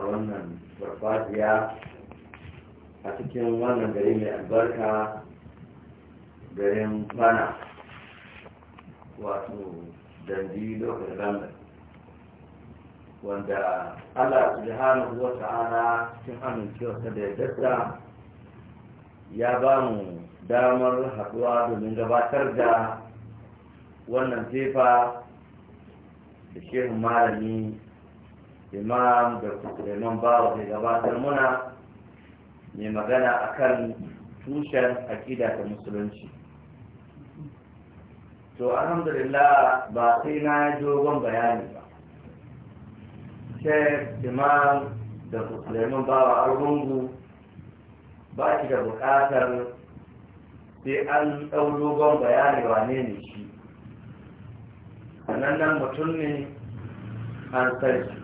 a wannan farfajiya a cikin wannan gari mai albarka garin bana wato dandi lokacin london wanda allah subhanahu wa ta'ala cikin amincewarsa da yadda ya ba mu damar haɗuwa domin gabatar da wannan tefa da shehun malami imam da kusurenon bawa mai gabatar muna mai magana a kan tushen aƙida ta musulunci to alhamdulillah ba sai na dogon bayani ba shek imam da kusurenon bawa argungu ba shi da buƙatar sai an ɗau dogon bayani ba ne shi sannan nan mutum ne an sarki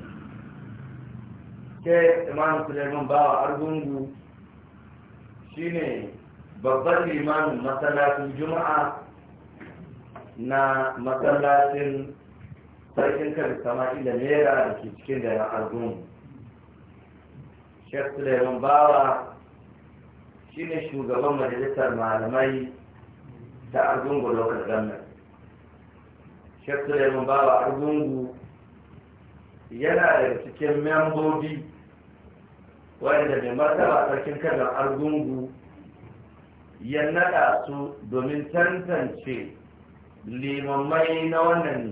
sheikh imam suleiman bawa argungu shine babban limamin masallacin juma'a na masallacin sarkin kan da nera da ke cikin da argungu sheikh suleiman bawa shine shugaban majalisar malamai ta argungu local government sheikh suleiman bawa argungu yana da cikin membobi wanda mai martaba sarkin kanar argungu ya naɗa su domin tantance limammai na wannan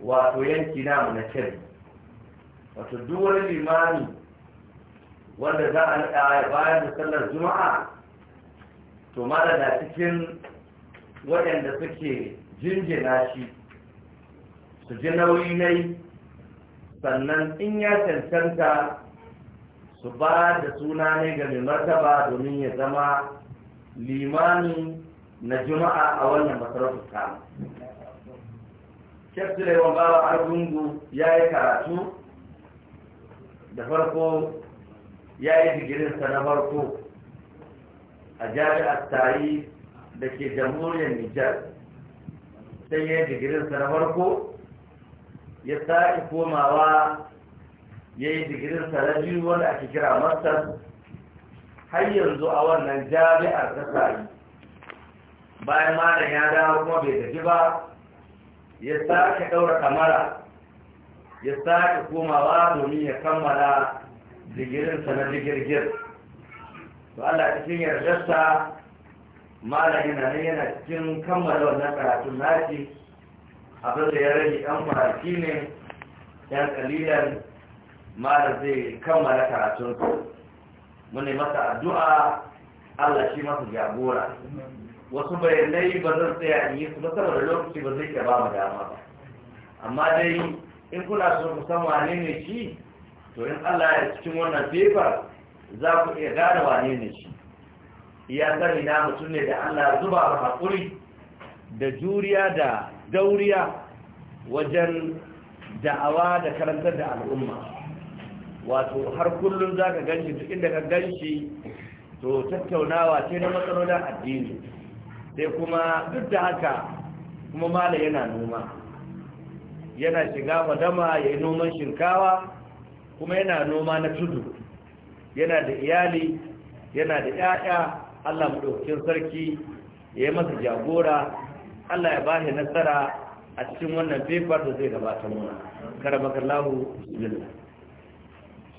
wato yanki namu na kebbi wato duwar limani, limami wanda za a naɗa bayan da sallar juma'a to mara da cikin waɗanda suke jinjina shi su ji nauyi nai sannan in ya cancanta su ba da suna ne ga mai martaba domin ya zama limani na juma'a a wannan masarautar kano shek suleiman bawa argungu ya yi karatu da farko ya yi digirinsa na farko a jami'ar tari da ke jamhuriyar nijar sai ya yi digirinsa na farko ya sa'i komawa ya yi digirin na wanda ake kira masar har yanzu a wannan jami'ar ta sami bayan malam ya dawo kuma bai tafi ba ya sake ɗaura kamara ya sake komawa domin ya kammala digirinsa na digirgir to Allah cikin yardarsa malamin na nan yana cikin kammala wannan karatun naci. abinda ya rage yan kwanaki ne yan kalilan mara zai kammala karatunsa muni masa addu'a Allah shi masa jagora wasu bayanai ba zan tsaya in yi su ba saboda lokaci ba zai ke ba mu dama ba amma dai in kuna so ku san wane ne shi to in Allah ya cikin wannan paper za ku iya gane wane ne shi ya sani na mutum ne da Allah zuba ba haƙuri da juriya da dauriya wajen da'awa da karantar da al'umma wato har kullum za ka ganshi duk inda ka ganshi to tattaunawa ce na matsalolin addini sai kuma duk da haka kuma mala yana noma yana shiga madama ya yi noman shinkawa kuma yana noma na tudu yana da iyali yana da 'ya'ya allah maɗaukin sarki ya yi masa jagora allah ya ba shi nasara a cikin wannan fefar da zai gabata muna karamakallahu bismillah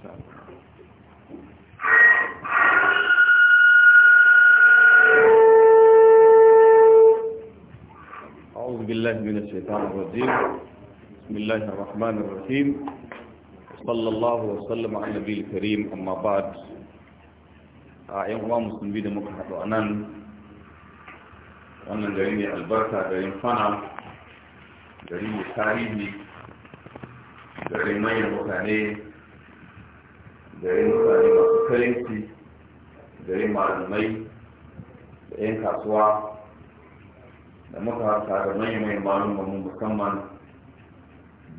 أعوذ بالله من الشيطان الرجيم بسم الله الرحمن الرحيم صلى الله وسلم على النبي الكريم أما بعد أعين مسلمين مكحد وأنان wannan gari ne albarka garin fana gari mai tarihi garin mutane masu karinci garin malamai da 'yan kasuwa da muka harka da manyan mu musamman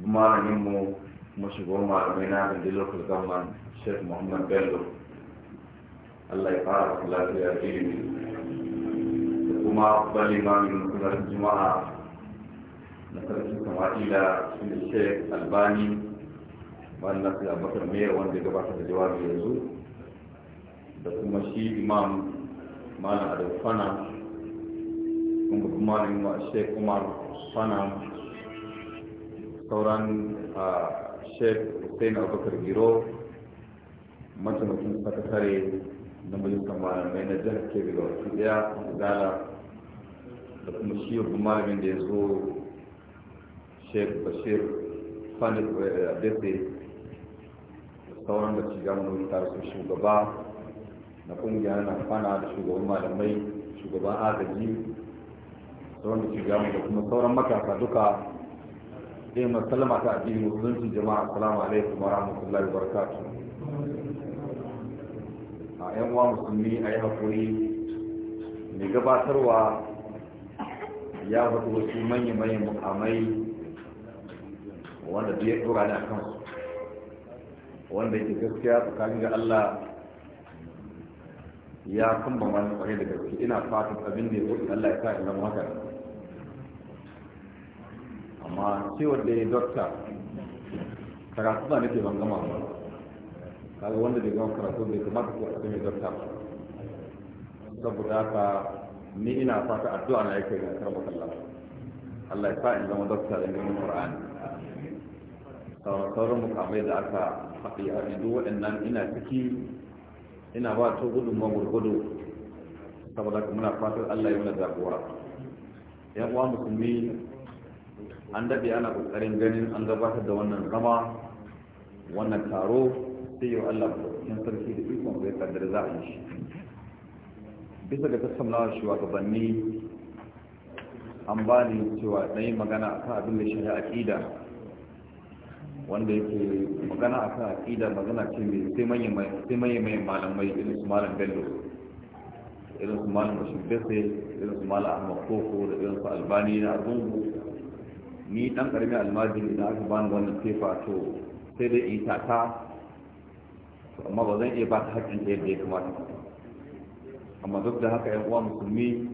malaminmu mashigon malamai na da local government sheikh muhammad bello allah ya fara su lafiya ilimi da kuma bali limamin musulman juma'a na sarki kamar da sheikh albani bayan na sai abubakar mayar wanda ya gabata da jawabi yanzu da kuma shi imam malam adam fana kuma kuma malam wa sheikh umar fana sauran sheikh hussein abubakar giro mataimakin sakatare na majalisar mai na jihar kebe ga wasu daya zala da kuma shi babban malamin da ya zo sheikh bashir fana eh, abdese sauran da ci gamanori tare su shugaba na kungiyar na fana da shugaban malamai shugaban agaji sauran da ci gamu da kuma sauran matasa duka ɗaya eh, masalama ta addini musulunci jama'a Salamu alaikum wa rahmatullahi wa barakatuh a yan uwa musulmi a yi haƙuri mai gabatarwa ya faɗi wasu manya-manyan mukamai wanda duk ya ɗora ne a kansu wanda yake gaskiya tsakanin ga Allah ya kamba wani kwarai da gaske ina fatan abin da ya zo Allah ya sa in zama haka amma cewar da ya dokta karatu ba nake ban gama ba kaga wanda bai gama karatu bai kamata ko abin da ya dokta ba saboda haka ni ina fata addu'a na yake ga karbar Allah Allah ya sa in zama dokta da ilimin Qur'ani sauran mukamai da aka faɗi a duk waɗannan ina ciki ina ba ta gudun magurgudu saboda muna fatar allah yi mana zaguwa yan uwa musulmi an daɗe ana ƙoƙarin ganin an gabatar da wannan zama wannan taro sai yau allah cikin sarki da ikon zai kaddar za a yi shi bisa ga tattaunawa shugabanni an ba ni cewa ɗan magana a kan abin da shi aƙida wanda yake magana a kan aƙida magana ce mai sai manyan malamai irin su malam bello irin su malam bashir bese irin su malam ahmad koko da irin su albani na argungu ni dan karamin almajiri da aka bani wannan fefa to sai dai in ta ta amma ba zan iya ba ta haƙƙin ta yadda ya kamata amma duk da haka yan uwa musulmi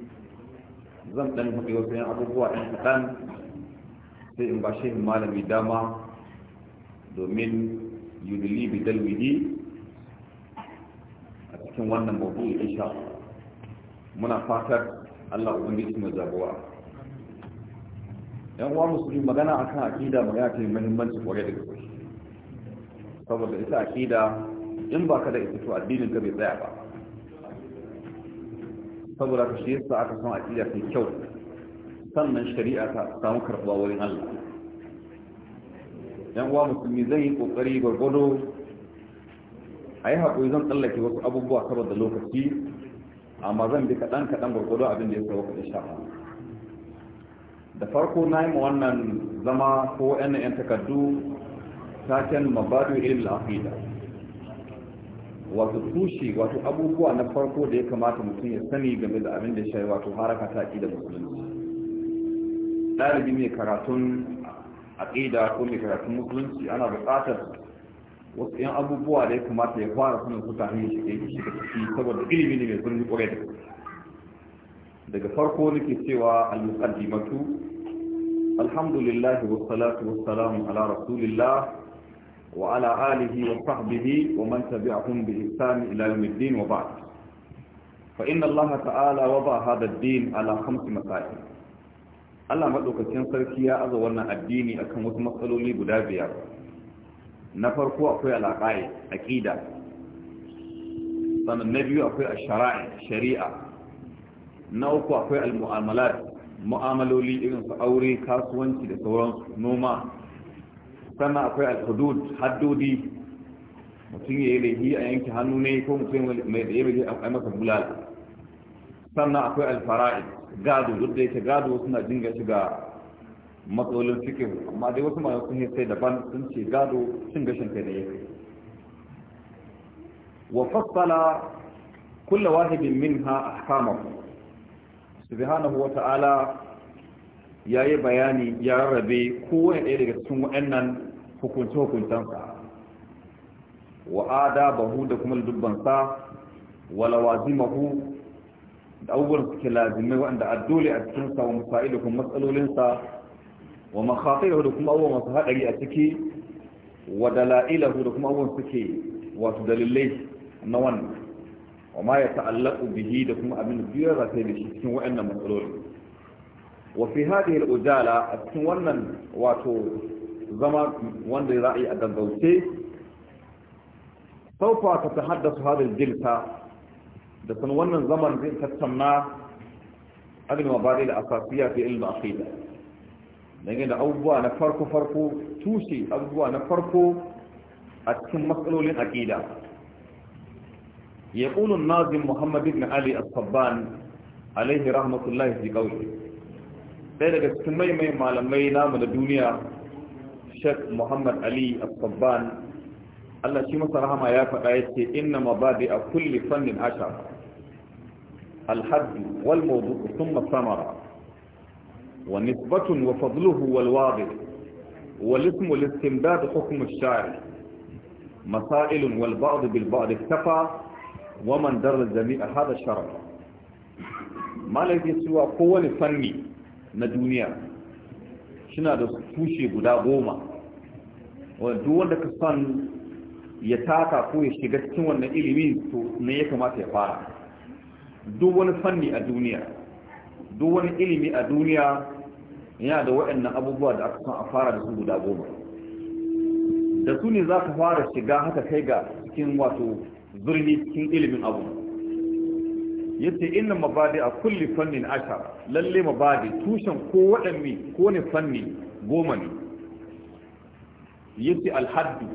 zan dan haɗe wasu yan abubuwa ɗan kaɗan sai in ba shehin malami dama domin yudli bi dalwihi a cikin wannan mawdu'i insha muna fatar Allah ubangiji mu zabuwa yan uwa musulmi magana akan akida mai yake muhimmanci kwarai da gaske saboda ita akida in ba ka da ita to addinin ka bai tsaya ba saboda ka shi yasa aka san akida ta kyau sannan shari'a ta samu karɓuwa wurin Allah yan uwa musulmi zai yi kokari gwargwado a yi haƙuri zan tsallake wasu abubuwa saboda lokaci amma zan bi kaɗan kaɗan gwargwado abin da ya sauka da shafa da farko na yi wannan zama ko yan yan takardu taken mabadu ilil aqida wato tushe wato abubuwa na farko da ya kamata mutum ya sani game da abin da ya shayi wato haraka ta da musulunci ɗalibi mai karatun aƙida ko mai karatun musulunci ana buƙatar wasu yan abubuwa da ya kamata ya fara sanin su kafin shi ɗaya shi ka saboda ilimi ne mai zurfi ƙwarai da daga farko nake cewa al-muqaddimatu alhamdulillah wa salatu wa salamu ala rasulillah wa ala alihi wa sahbihi wa man tabi'ahum bi ihsan ila yawm wa ba'd fa inna Allah ta'ala wada hadha ad-din ala khamsi masail Allah maɗaukacin sarki ya aza wannan addini akan wasu matsaloli guda biyar na farko akwai alaƙa'i aƙida sannan na biyu akwai ashara'i shari'a na uku akwai almu'amalat mu'amaloli irin su aure kasuwanci da sauran noma sannan akwai alhudud haddodi mutum ya yi laifi a yanki hannu ne ko mutum mai da ya bai masa bulala sannan akwai alfara'id gado duk da yake gado suna dinga shiga matsalolin fikin amma dai wasu ma sun sai daban sun ce gado sun gashin kai da yake wa fassala kullu wahidin minha ahkamahu subhanahu wa ta'ala yayi bayani ya rarrabe kowane ɗaya daga cikin wa'annan hukunce-hukuncensa wa'ada bahu da kuma dubbansa wa lawazimahu da abubuwan suke lazimai waɗanda a dole a cikinsa wa musa'ilu kuma matsalolinsa wa makhafiru da kuma abubuwan masu haɗari a ciki wa dala'ilahu da kuma abubuwan suke wasu dalilai na wannan wa ma ya ta'allaqu bihi da kuma abin biyar da sai da shi cikin waɗannan matsalolin wa fi hadhihi al-ujala a cikin wannan wato zama wanda ya ra'ayi a gaggauce ta haddasa هذه الجلسة da san wannan zaman zai tattauna agin mabadi da asafiya fi ilmi aqida dangane da abubuwa na farko farko tushe abubuwa na farko a cikin matsalolin aqida يقول Nazin Muhammad بن Ali الصبان عليه رحمة الله في قوله ɗaya daga cikin mai malamai namu da duniya shek muhammad ali al-sabban Allah shi masa rahama ya faɗa ya ce inna mabadi a kulle fannin Asha. alhaddu wal mawdu thumma samara wa nisbatun wa fadluhu wal wadi wal ismu lil istimdad hukm ash-shari masail wal ba'd bil ba'd iktafa wa man darra jami'a hada sharaf malaki suwa kowane fanni na duniya suna da tushe guda goma wanda duk wanda ka san ya taka ko ya shiga cikin wannan ilimin to me ya kamata ya fara duk wani fanni a duniya duk wani ilimi a duniya yana da waɗannan abubuwa da aka san a fara da su guda goma da su ne za ka fara shiga haka kai ga cikin wato zurni cikin ilimin abu Ya ce ina mabadi a kulli fannin asha lalle mabadi tushen ko waɗanne ko ne fanni goma ne Ya ce alhaddu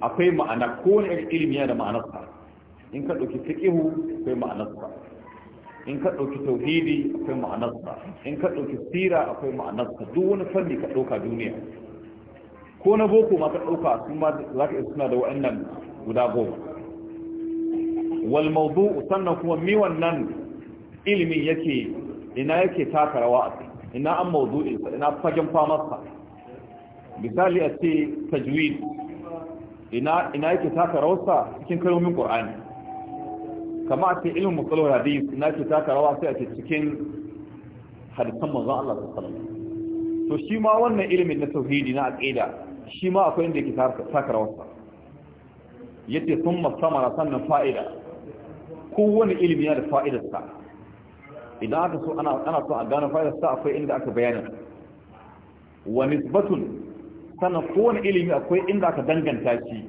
akwai ma'ana ko ne ilimi yana da ma'anarsa in ka ɗauki fiqihu akwai ma'anarsa in ka ɗauki tauhidi akwai ma'anarsa in ka ɗauki sira akwai ma'anarsa duk wani fanni ka ɗauka duniya ko na boko ma ka ɗauka su ma za ka iya suna da wa'annan guda goma wal mawdu'u sannan kuma mi wannan ilimin yake ina yake taka rawa ina an mawdu'in ina fagen famarsa misali a ce tajwid ina ina yake taka rawarsa cikin kalmomin qur'ani kama a cikin ilmin musallar hadis ina yake taka rawa sai a ce cikin hadisan manzon Allah sallallahu alaihi wasallam to shi ma wannan ilimin na tauhidi na aqida shi ma akwai inda yake taka rawarsa yace thumma samara sannan fa'ida kowane ilimi yana da fa'idarsa idan aka so ana so a gane fa'idarsa akwai inda aka bayyana wa nisbatun sannan kowane ilimi akwai inda aka danganta shi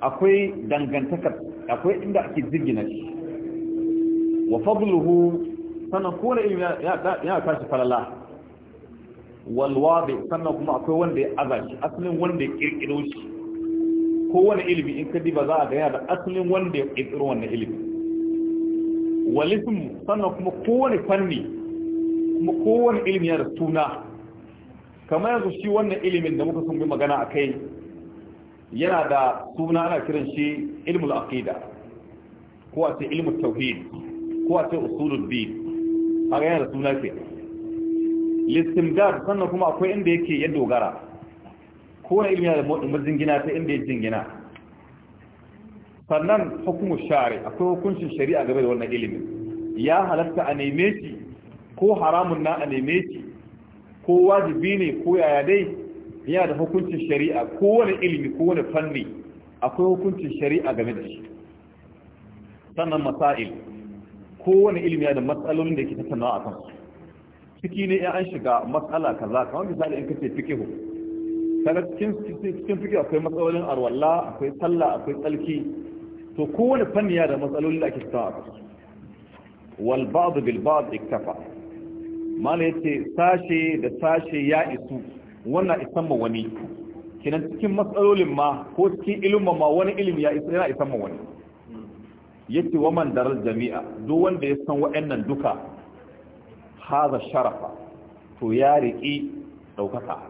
akwai dangantakar akwai inda ake jirgina shi wa fadluhu sannan kowane ilimi yana tashi falala walwabe sannan kuma akwai wanda ya aza shi asalin wanda ya kirkiro shi kowane ilimi in ka diba za a ga yana da asalin wanda ya kirkiro wannan ilimi walism sannan kuma kowane fanni kuma kowane ilimi ya da suna kamar yanzu shi wannan ilimin da muka sun bi magana a kai yana da suna ana kiran shi ilmul aqida ko a ce ilmul tauhid ko a ce usulul din a ga yana da suna ke listimdad sannan kuma akwai inda yake ya dogara ko na ilmi da mazin gina ta inda ya jingina sannan hukumu share akwai hukuncin shari'a game da wannan ilimin ya halatta a neme shi ko haramun na a neme shi ko wajibi ne ko yaya dai yana da hukuncin shari'a Ko wani ilimi ko wani fanni akwai hukuncin shari'a game da shi sannan masail wani ilimi yana da matsalolin da ke tattaunawa a kansu ciki ne ya an shiga matsala kaza kamar misali in kace fiqhu kaga cikin cikin fiqhu akwai matsalolin arwalla akwai sallah akwai tsalki to ko wani fanni yana da matsalolin da ake tattaunawa a kansu wal ba'd bil ba'd iktafa mala yace sashe da sashe ya isu wannan isan ma wani kinan cikin matsalolin ma ko cikin ilimin ma wani ilimi ya isa yana isan ma wani Ya ce wa man darar jami'a duk wanda ya san waɗannan duka haza sharafa to ya riƙi ɗaukaka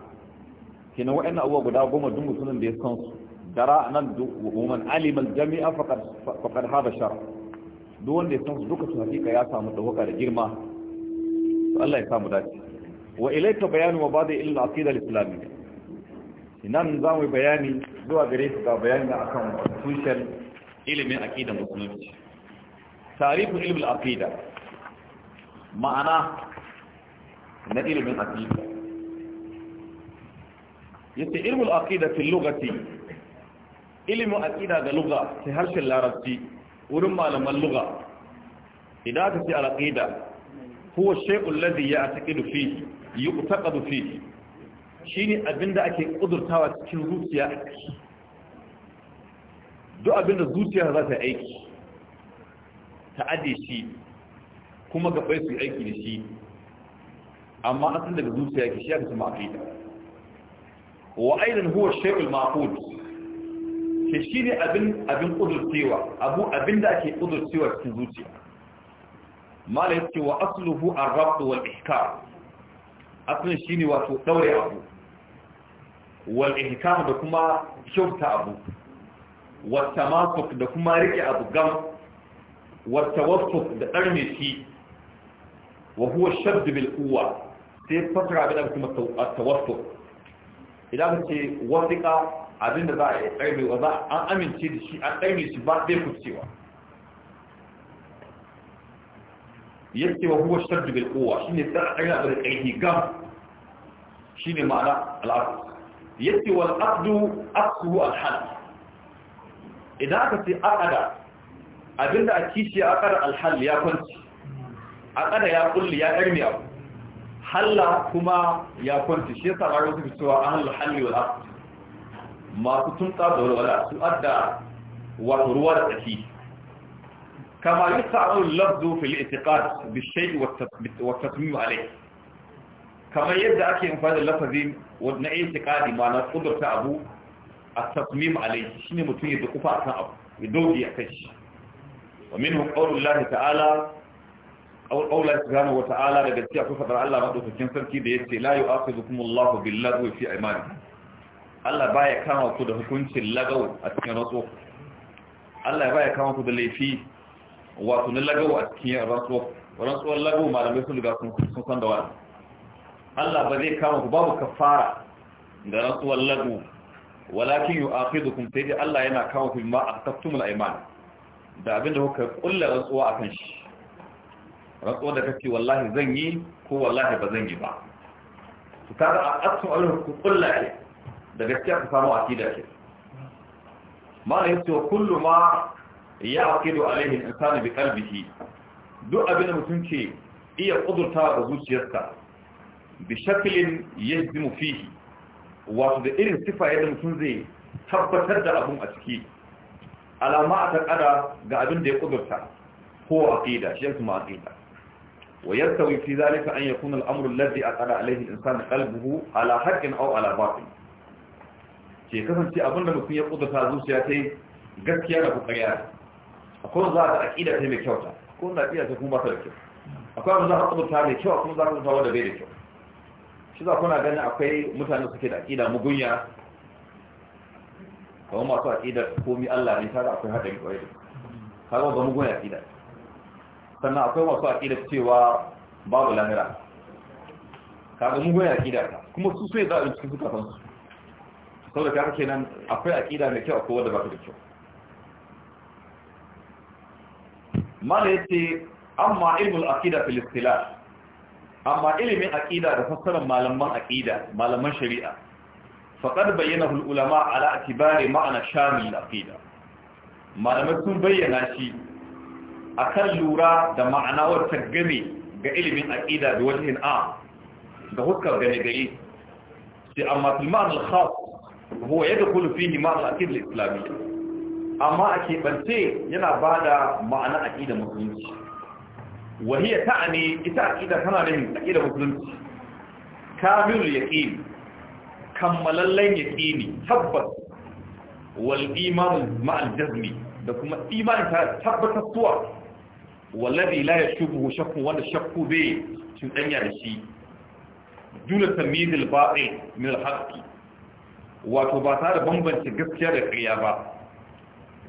kinan waɗannan abubuwa guda goma duk mutumin da ya san su dara nan man alimal jami'a faqad faqad haza sharaf duk wanda ya san su duka su hakika ya samu ɗaukaka da girma والله يسام ذلك وإليك بيان مبادئ العقيدة الإسلامية إنام نظام بياني دوا بريسك وبياني أكام سوشل إلمي أكيدة مسلمة تعريف علم العقيدة معنى أن إلمي أكيدة يتي علم العقيدة في اللغة إلمي أكيدة في اللغة في هلش ورمى لما اللغة إذا تسي العقيدة huwa shay'ul ladhi ya'taqidu fihi yu'taqadu fihi shine abinda ake kudurtawa cikin zuciya duk abinda zuciya za ta aiki ta ade shi kuma gabai su aiki da shi amma asalin daga zuciya ke shi aka cima aqida wa aidan huwa shay'ul ma'qud shi ne abin abin kudurtawa abu abinda ake kudurtawa cikin zuciya mala yake wa asluhu ar-rabt wal ihkam aslin shine wato daure abu wal ihkam da kuma kyauta abu wat tamasuk da kuma rike abu gam wat tawassuq da darme shi wa huwa shadd bil quwwa sai fatra da kuma tawassuq idan ce wasiqa abinda za a yi tsarbe wa za an amince da shi an tsarbe shi ba zai kucewa yake wa huwa shaddu bil quwwa shine tsara da karfi gam shine ma'ana al'aqd yake wal aqdu aqdu al hal idan aka ce aqada abinda a kishi aqada al hal ya kwanci aqada ya kulli ya karmi abu halla kuma ya kwanci shi yasa ga wasu fitowa ahlul halli wal aqd masu tunta da walwala su adda wato ruwa da tsaki كما يستعمل اللفظ في الاعتقاد بالشيء والتصميم عليه كما يبدأ أكي مفاد اللفظ ودنا اعتقاد معنى قدرة أبو التصميم عليه شنو متوين يدقفع كان أبو يدوجي أكش ومنه قول الله تعالى أو قول الله سبحانه وتعالى لقد أكو فضل الله في الكنسر كي ديتي لا يؤاخذكم الله باللغو في أيمانكم الله baya kama ku da hukuncin lagau a cikin rantsu Allah baya kama ku wato na lagawa a cikin rantsuwar lagawa malamai sun riga sun san da wani Allah ba zai kama ku babu kafara da rantsuwar lagawa walakin yi afi da kuma sai Allah yana kama ku ma a taftumul aiman da abin da kuka kulla rantsuwa a kan shi rantsuwar da kake wallahi zan yi ko wallahi ba zan yi ba su kaga a asun abin ku kulla ke da gaskiya ku samu akida ke ma na yi cewa kullum ma ya akidu alaihi insani bi qalbihi duk abin da mutum ke iya kudurta da zuciyarsa bi shaklin yajzimu fihi wato da irin sifa yadda mutum zai tabbatar da abun a ciki alama a takada ga abin da ya kudurta ko aqida shi kuma aqida wa yartawi fi zalika an yakuna al-amru alladhi aqada alayhi al qalbuhu ala haqqin aw ala batil Ke kasance abin da mutum ya kudurta zuciya sai gaskiya da kokariya akwai wanzu ka aƙida ta mai kyauta ko na aƙida ta kuma ba ta da kyau akwai wanzu za ka rubuta mai kyau kuma za ka rubuta wanda bai da kyau shi za kuna gani akwai mutane suke da aƙida mugunya kamar masu aƙidar komi Allah ne kaga akwai haɗari ƙwarai da kaga ba mugunya aƙida sannan akwai masu aƙidar cewa babu lahira kaga mugunya aƙida ta kuma su sai zaɓin cikin suka san su saboda kaga kenan akwai aƙida mai kyau akwai wanda ba ta da kyau mana yace amma ilmul aqida fil istilah amma ilimin aqida da fassarar malaman aqida malaman shari'a faqad bayyana al ulama ala atibari ma'ana shamil aqida malamai sun bayyana shi akan lura da ma'ana wata game ga ilimin aqida da wajen a ga hukkar gane gari sai amma fil ma'an al khas huwa yadkhulu fihi ma'al aqida al islamiyya amma a keɓance yana ba da ma'ana ƙida musulunci wahiyar ta'a ne ita ƙida tana da ƙida musulunci kamilul yaƙini kammalallen yaƙini tabbas wal imanin ma'al jazmi da kuma imanin ta tabbatar suwa wallabi la ya shubu shakku wanda shakku bai cuɗanya da shi duna tamizil ba'i min al wato ba tare da bambance gaskiya da ƙarya ba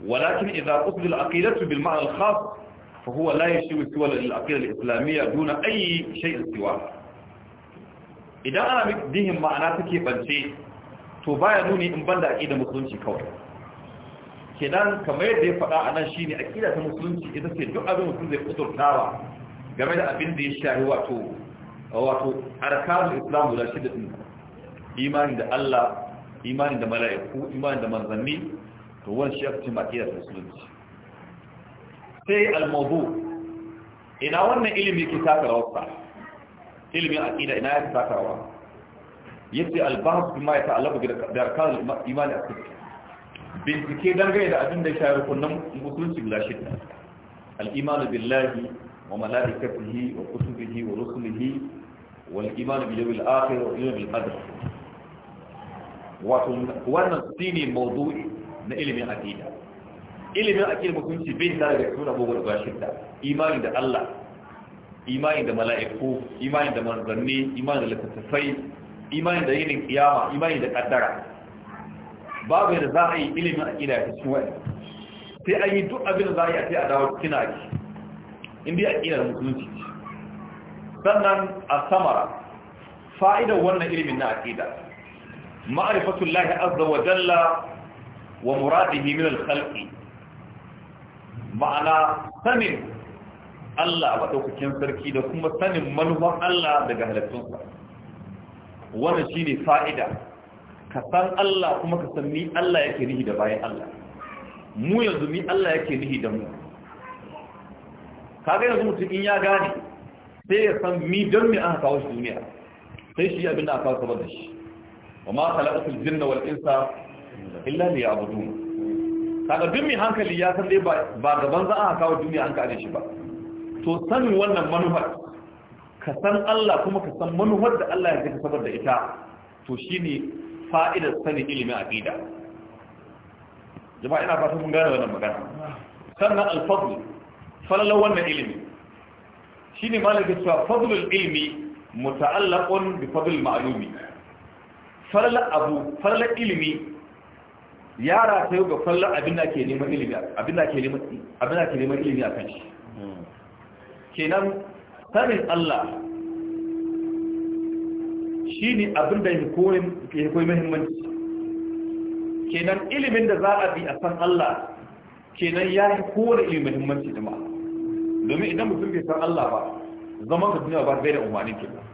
ولكن إذا قصد العقيدة بالمعنى الخاص فهو لا يشوي سوى العقيدة الإسلامية دون أي شيء bance, إذا أنا مكدهم معناتك بانشي تباينوني إن بند عقيدة مسلمشي كوي kenan kamar yadda ya faɗa a nan shine akida ta musulunci ita ce duk abin mutum zai kudurtawa game da abin da ya shahi wato wato arkanul islam guda shida din imani da Allah da mala'iku da to wani shi ya fi makiyar musulunci sai almabu ina wannan ilimi ke takarawarsa ilimin aƙida ina ya fi takarawa yace albahas bima ya ta'allaba da arkan imani a cikin bincike dangane da abin da ya shafi kunnan musulunci guda shida al-iman billahi wa malaikatihi wa kutubihi wa rusulihi wal iman bil yawmil akhir wa yawmil qadr wato wannan shine mawdu'i na ilimin aqida ilimin aqida mutunci bai da da sura bugu da bashin da imani da Allah imani da mala'iku imani da manzanni imani da littattafai imani da yinin kiyama imani da kaddara babu yadda za a yi ilimin aqida ya cikin wani sai an yi duk abin da za a yi a sai a dawo cikin In inda aqida mutunci sannan a samara fa'idar wannan ilimin na aqida ma'arifatul lahi azza wa jalla wa muradihi min al-khalqi ma'ana sanin Allah madaukakin sarki da kuma sanin manufan Allah daga halittunsa wannan shine fa'ida ka san Allah kuma ka san ni Allah yake nihi da bayan Allah mu yanzu ni Allah yake nihi da mu kaga yanzu mutum in ya gane sai ya san mi don me aka kawo shi duniya sai shi abin da aka kawo da shi wa ma khalaqatul jinna wal insa illa li ya'budun kaga duk mai hankali ya san dai ba gaban za a kawo duniya an kaje shi ba to sanin wannan manufar ka san Allah kuma ka san manufar da Allah ya zaka saboda ita to shi ne fa'idar sanin ilimin aqida jama'a ina fatan mun gane wannan magana sannan al-fadl falalar wannan ilimi shine malaka cewa fadlul ilmi muta'allaqun bi fadl ma'lumi falalar abu falalar ilimi yara ta yau ga fallon abin da ke neman ilimi abin da ke neman ilimi a kan shi hmm. kenan sanin Allah shi ne abin da ya koyi mahimmanci kenan ilimin da za a bi a san Allah kenan ya yi kowane ilimin mahimmanci da ma'a domin idan mutum bai san Allah ba zaman ka duniya ba zai da umarnin ke kenan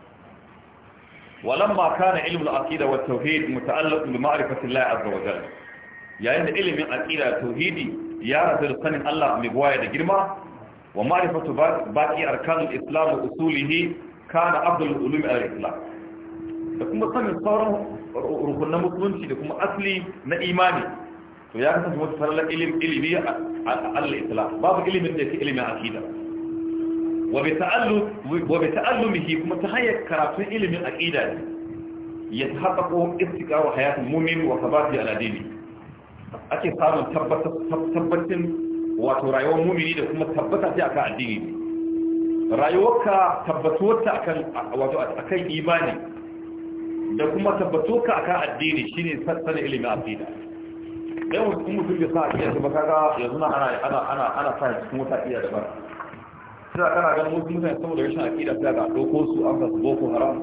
walamma kana ilmul aqida wat tauhid muta'allaq bi ma'rifati Allah azza wa jalla yayin da ilimin aqida tauhidi ya rasu da sanin Allah mai gwaya da girma wa ma'rifatu baqi arkanul islam wa usulihi kana abdul ulum al-islam da kuma sanin sauran rukunan musulunci da kuma asli na imani to ya kasance wata falalar ilimi a al-islam babu ilimin da yake ilimin aqida وبتألمه كما تهيئ كرافين إلي من أقيدة يتحقق استقاء حياة المؤمن وثباته على دينه ake samun tabbatin wato rayuwar mumini da kuma tabbata sai akan addini rayuwarka tabbatuwarta akan wato akan imani da kuma tabbatuwarka akan addini shine sanin ilimin aqida dan wasu mutum da sa aqida ba ga yanzu na ana ana ana ana sa cikin wata aqida da bara sai kana ganin wasu mutane saboda rashin aqida sai ga doko su an su boko haram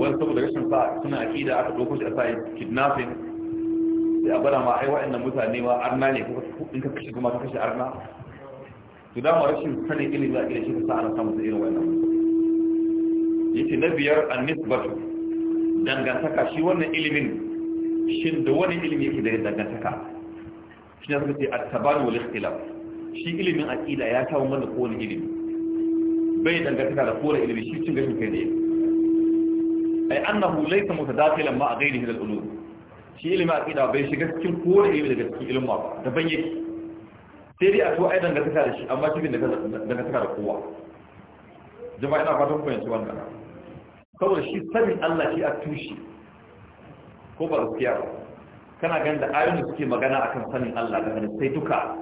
wani saboda rashin sa suna aqida aka doko shi a sa kidnapping sai a bana ma aiwa wa'annan mutane ma arna ne kuma in ka kashe kuma ka kashe arna to dama rashin sanin ilimi za a iya shi ka sa ana samun sa irin yace na biyar annis batu. dangantaka shi wannan ilimin shin da wani ilimi yake da dangantaka shi ne suka ce at-tabanu wal ikhtilaf shi ilimin aqida ya kawo mana kowane ilimi bai dangantaka da kowane ilimi shi cin gashin kai ne ai annahu laysa mutadakhilan ma a ghayrihi al-ulum shi ilimin aqida bai shiga cikin kowane ilimi daga cikin ilimin ba daban yake sai dai a to ai dangantaka da shi amma shi bin dangantaka da kowa jama'a ina fatan fahimci wannan saboda shi sanin Allah shi a tushe ko ba gaskiya ba kana ganin da ayoyin suke magana akan sanin Allah da sai duka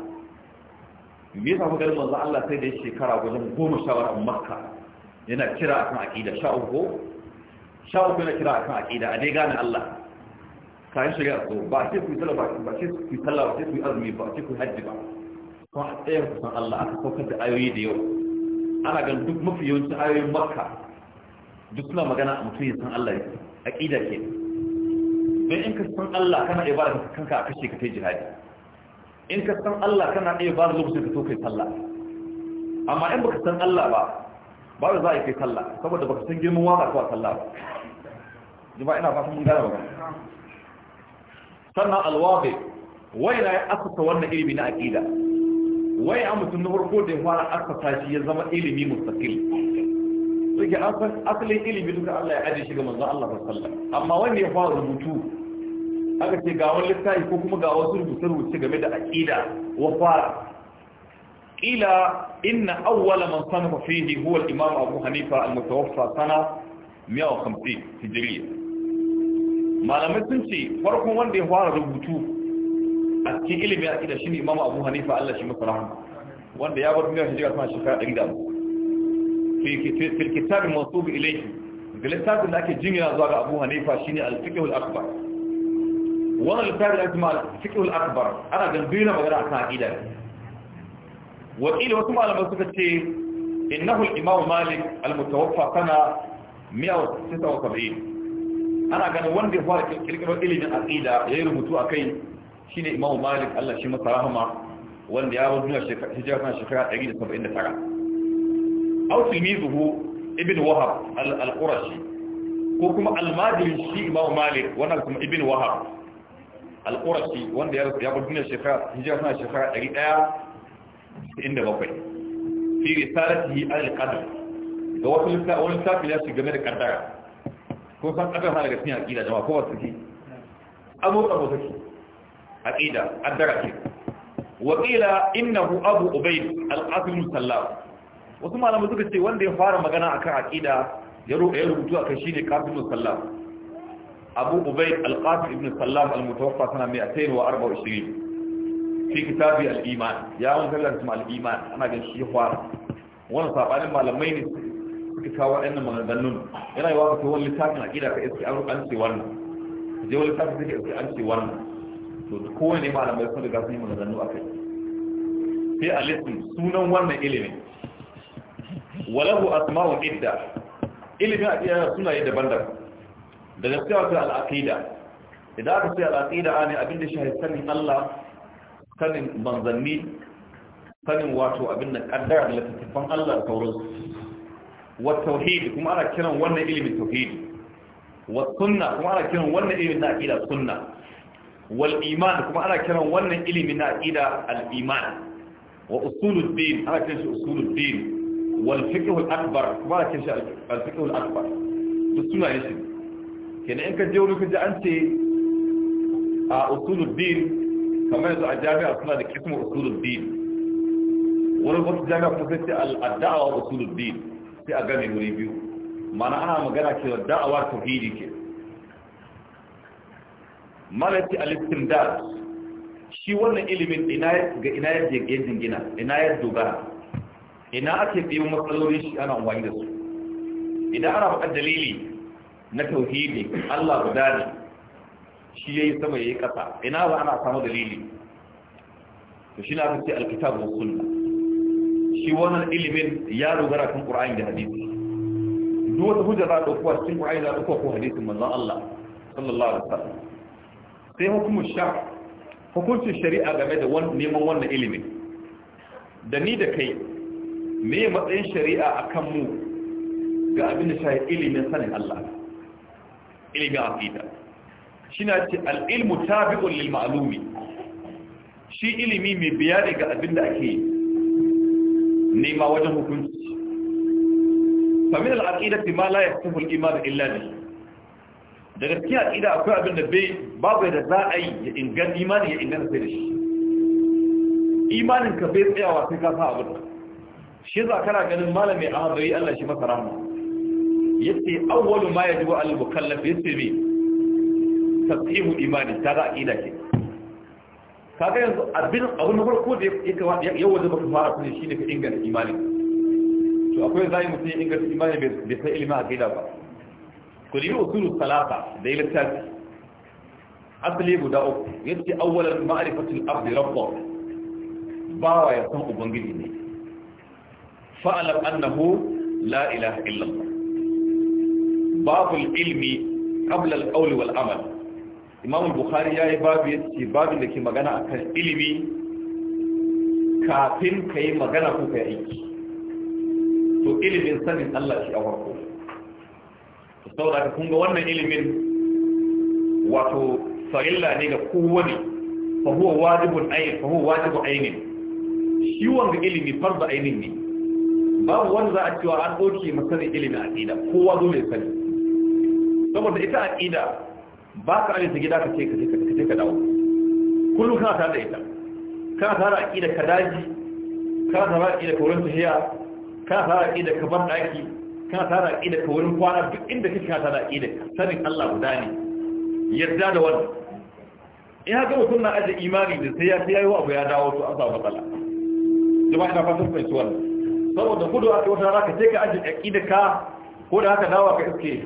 me yasa kuma ganin manzo Allah sai da shekara wajen goma sha a Makka yana kira akan aƙida? sha uku sha uku yana kira akan aƙida, a dai gane Allah kayan shari'a ko ba ce ku yi ba ce ku yi sallah ba ce ku yi azumi ba ce ku yi hajji ba kuma a tsaye ku san Allah aka saukar da ayoyi da yau ana gan duk mafi yawanci ayoyin makka duk suna magana a mutum ya san Allah ya aqida ke don in ka san Allah kana iya bada kanka a kashe ka kai jihadi in ka san Allah kana iya bada lokacin ka to kai sallah amma in baka san Allah ba ba za a kai sallah saboda baka san girman waka ko sallah ba ji ina fatan mun gane ba sannan alwabe wai na ya asasa wannan ilimi na aqida wai a mutum na farko da ya fara asasa shi ya zama ilimi mustaqil sai an asalin ilimi duka Allah ya aje shi ga manzon Allah sallallahu alaihi amma wanda ya fara rubutu aka ce ga wani littafi ko kuma ga wasu rubuce rubuce game da aqida wa fara ila inna awwala man sanafa fihi huwa al-imam Abu Hanifa al-mutawaffa sana 150 hijriyah malamai sun ce farkon wanda ya fara rubutu a cikin ilimin aƙida shine imamu abu hanifa allah shi masa rahama wanda ya bar duniya shi jiga sama shekara ɗari da abu fil kitabin mansubi ilayhi ga littafin da ake jingina zuwa ga abu hanifa shine al-fiqhul akbar wannan littafin da ake ma al-fiqhul akbar ana gandina magana akan aƙida ne. Wakili wasu malamai suka ce innahu al-imam malik al-mutawaffa sana 179 ana ganin wanda ya fara kirkirar ilimin aqida ya yi rubutu a kai shi ne imamu malik allah shi masa rahama wanda ya rubuta hijira kan shekara 179 aw tilmizuhu ibn wahab al-qurashi ko kuma almajiri shi imamu malik wannan kuma ibn wahab al-qurashi wanda ya rubuta shekara hijira kan shekara 197 fi risalatihi al-qadr da wasu littafin ya shiga game da kaddara ko san kadar na daga cikin aqida jama'a ko wasu ki abu abu take aqida addara ke wa qila innahu abu ubayd al-qasim sallam wasu malamai suka ce wanda ya fara magana akan aqida ya rubutu akan shine qasim sallam abu ubayd al-qasim ibn sallam al-mutawaffa sana 224 fi kitabi al-iman ya wannan sallan al-iman ana ganin shi fara wannan sabanin malamai ne suka kawo waɗannan maganganun yana yi waka wani littafin a ƙida ka iske an ce wannan je wani littafin suke iske an ce wannan to kowane ne malamai sun riga sun yi maganganu a kai sai a listin sunan wannan ilimin walahu Asma'u idda ilimin a ƙida sunaye daban-daban da gaskiya ta al'aqida idan aka ce al'aqida ne abinda shi sanin Allah sanin manzanni sanin wato abin da kaddara da littattafan Allah da sauransu wa tauhid kuma ana kiran wannan ilimin tauhid wa sunna kuma ana kiran wannan ilimin na aqida sunna wal iman kuma ana kiran wannan ilimin na aqida al iman wa usuluddin ana kiran shi usuluddin wal fiqh al akbar kuma ana kiran shi al fiqh al akbar duk suna shi kenan in ka je wani kaje an ce a usuluddin kamar yanzu a jami'a suna da kismu usuluddin wani wasu jami'a kusa sai ce al addawa usuluddin sai a gane wuri biyu mana ana magana cewa da'awar tauhidi ke malati al da shi wannan ilimin ina ga ina ya jingina ina ya dogara ina ake biyo matsaloli shi ana amfani da su idan ana faɗa dalili na tauhidi Allah guda ne shi yayi sama yayi ƙasa ina ba ana samu dalili to shi na fi ce alkitabu wa sunna shi wannan ilimin ya dogara kan Qur'ani da hadisi duk wata hujja za a dauko a cikin Qur'ani za a dauko ko hadisin manzon Allah sallallahu alaihi wasallam sai hukumu sha hukuncin shari'a game da neman wannan ilimin da ni da kai me matsayin shari'a akan mu ga abin da shahi ilimin sanin Allah ilimin aqida shine ce al-ilmu tabi'un lil ma'lumi shi ilimi mai biya ga abin da ake yi nema wajen hukunci famin al'aqida fi ma la yaftahu al-iman illa bi da gaskiya aqida akwai abin da bai babu da za a yi ya inganta imanin ya inganta sai da shi imanin ka bai tsayawa sai ka sa abin shi za kana ganin malamin a hadari Allah shi masa rahama yace awwalu ma ya yajibu al-mukallaf yace bi tasqimu imani ta da aƙida ke kaga yanzu abin abu na farko da ya wajen baka fara kuma shi ne ka inganta imani to akwai zai mutum ya inganta imani bai sai ilimin aqida ba ku nemi usulu salata da ya littafi asali guda uku yace awwalan ma'rifatul abdi rabbahu bawa ya san ubangiji ne fa'alam annahu la ilaha illallah babul ilmi qabla al-qawli wal amal imam bukhari ya yi babu ya ce babin da ke magana a kan ilimi kafin ka yi magana ko ka yi aiki to ilimin sanin allah shi a warko to saboda ka kunga wannan ilimin wato farilla ne ga kowane fahuwa wajibun ainihin fahuwa wajibun ainihin shi wanga ilimi da ainihin ne babu wanda za a cewa an ɗauke masanin ilimin aƙida kowa zo mai sani saboda ita aƙida ba ka ajiye gida ka ce ka ce ka dawo kullum kana tare da ita kana tare da aƙida ka daji kana tare da aƙida ka wurin tafiya kana tare da aƙida ka ban ɗaki kana tare da aƙida ka wurin kwana duk inda kake kana tare da aƙida sanin Allah guda ne yarda da wannan in haka mutum na ajiye imani da sai ya sai abu ya dawo to an samu matsala jama'a ina fatan fahimci wannan saboda gudu aka wata rana ka je ka ajiye aƙida ka ko da haka dawa ka iske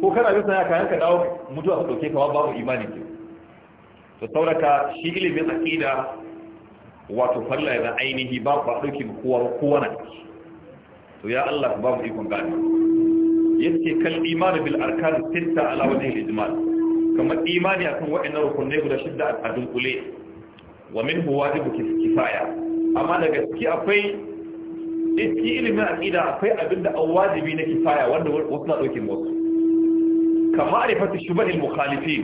ko kana bisa ya kayan ka dawo mutuwa su dauke ka babu imani ke to sauraka shi ilimin aƙida wato farla yana ainihi ba ba dauki kowa kowa na to ya Allah ba mu ikon gani yace kal iman bil arkan sitta ala wajhi al ijmal kamar imani akan wa'annan rukunai guda shidda a dunkule wa min minhu wajibu kifaya amma daga ciki akwai iski ilimin aqida akwai abinda an wajibi na kifaya wanda wasu na dauke wasu ka ma'arifatu shubahil mukhalifin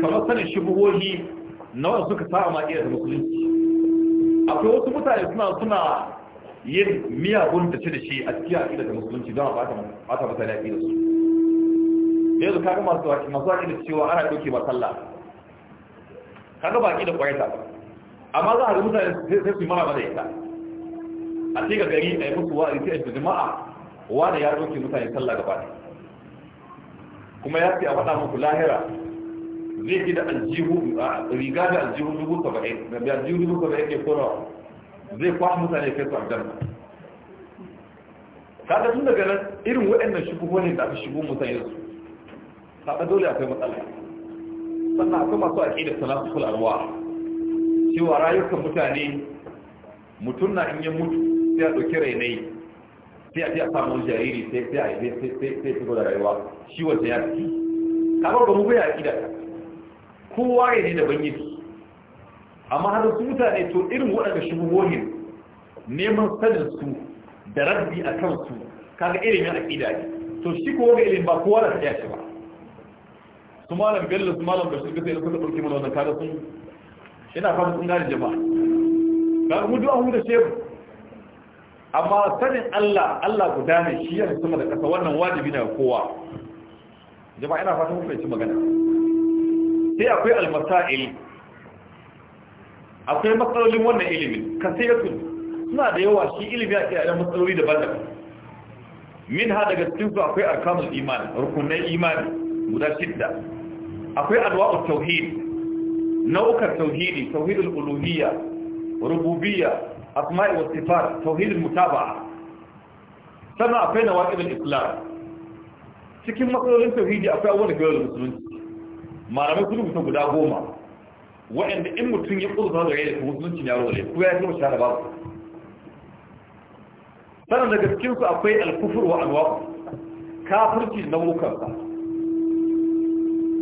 kamar sanin shubuhohi na wanda suka sa ma iya da musulunci akwai wasu mutane suna suna yin miyagun da ce da shi a cikin aƙida da musulunci don a bata mutane aƙida su da yanzu kaga masu waƙi masu waƙi da cewa ana ɗauke ba sallah kaga ba da ƙwarai ta amma za a ga mutane sai su yi mara mada ita a ce ga gari a yi musu wa'azi sai a jama'a da ya ɗauke mutane sallah gaba ɗaya kuma ya fi a faɗa muku lahira zai fi da aljihu riga da aljihu dubu saba'in da aljihu dubu saba'in ne kowa zai kwashe mutane kai su aljanna kaga tun daga nan irin wa'annan shigo wani da aka shigo mutane su kaga dole akwai matsala sannan akwai masu aƙidar sana su kula arwa cewa rayukan mutane mutum na in yi mutu sai a ɗauki rainai sai a ce a jariri sai sai a yi sai sai da rayuwa shi wancan ya fi kamar ba mu bai a ƙida kowa ya ne da ban yake amma har su mutane to irin waɗanda shubuhohin neman sanin su da rabbi a kan su, kaga ilimin aƙida ne to shi ko ga ilimin ba kowa da tsaya shi ba su malam bello su malam bashir gasa ilkuta ɗauki mana wannan kada sun ina fata sun gane jama'a ga mu duk an huda shehu amma sanin Allah Allah guda ne shi ya sama da ƙasa wannan wajibi ne ga kowa jama'a ina fatan kun magana sai akwai almasail akwai matsalolin wannan ilimin kasiratun suna da yawa shi ilimi ake da matsaloli daban-daban min ha daga cikin su akwai arkanul imani rukunai imani guda shidda akwai adwa'u tauhid nau'ukan tauhidi tauhidul uluhiyya rububiyya asma'i wa sifat tauhidul mutaba'a sannan akwai na waƙilin islam cikin matsalolin tauhidi akwai abubuwan da kawai musulunci malamai sun rubuta guda goma waɗanda in mutum ya ƙurza da rai da musulunci ya role ko ya yi kuma shahara babu sannan daga cikinsu akwai alkufur wa anwa kafirci na wukansa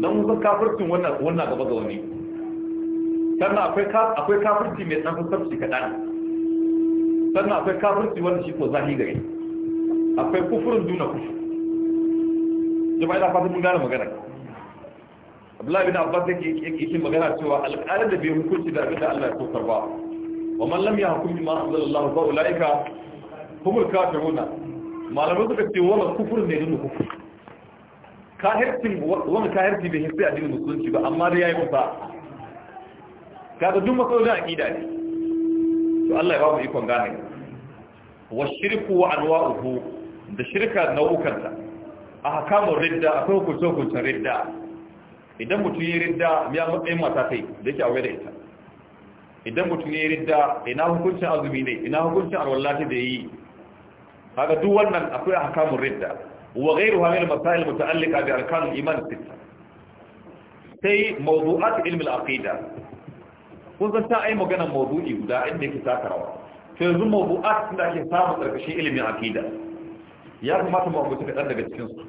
don musan kafircin wannan gaba ga wani akwai kafirci mai ɗan sassarci kaɗan sannan akwai kafirci wanda shi ko zahi gare akwai kufurin duna kufu jama'a ina fatan mun gane magana Abdullahi bin Abbas yake yake magana cewa alƙalar da bai hukunci da abinda Allah ya so ba wa man lam yahkum bima anzalallahu fa ulaika humul kafirun malamai suka ce wannan kufur ne dun kufur kafircin wannan kafirci bai hisbi addinin musulunci ba amma dai yayi kusa kaga duk matsalolin aqida ne to Allah ya ba mu ikon gane wa shirku wa anwa'uhu da shirka nau'ukanta ahkamu ridda akwai hukunce hukuncen ridda idan mutum ya ridda ya matsayin mata tai da yake aure da ita idan mutum ya ridda ina hukuncin azumi ne ina hukuncin alwallahi da yi haka duk wannan akwai a ahkamu ridda wa ghayruha min masail muta'alliqa bi arkan al-iman sittah sai mawdu'at ilmi al-aqida kun san ta ayi magana mawdu'i guda inda yake taka rawa to yanzu mawdu'at da ake samun karkashin ilimin akida ya kamata mu ambaci kadan daga cikin su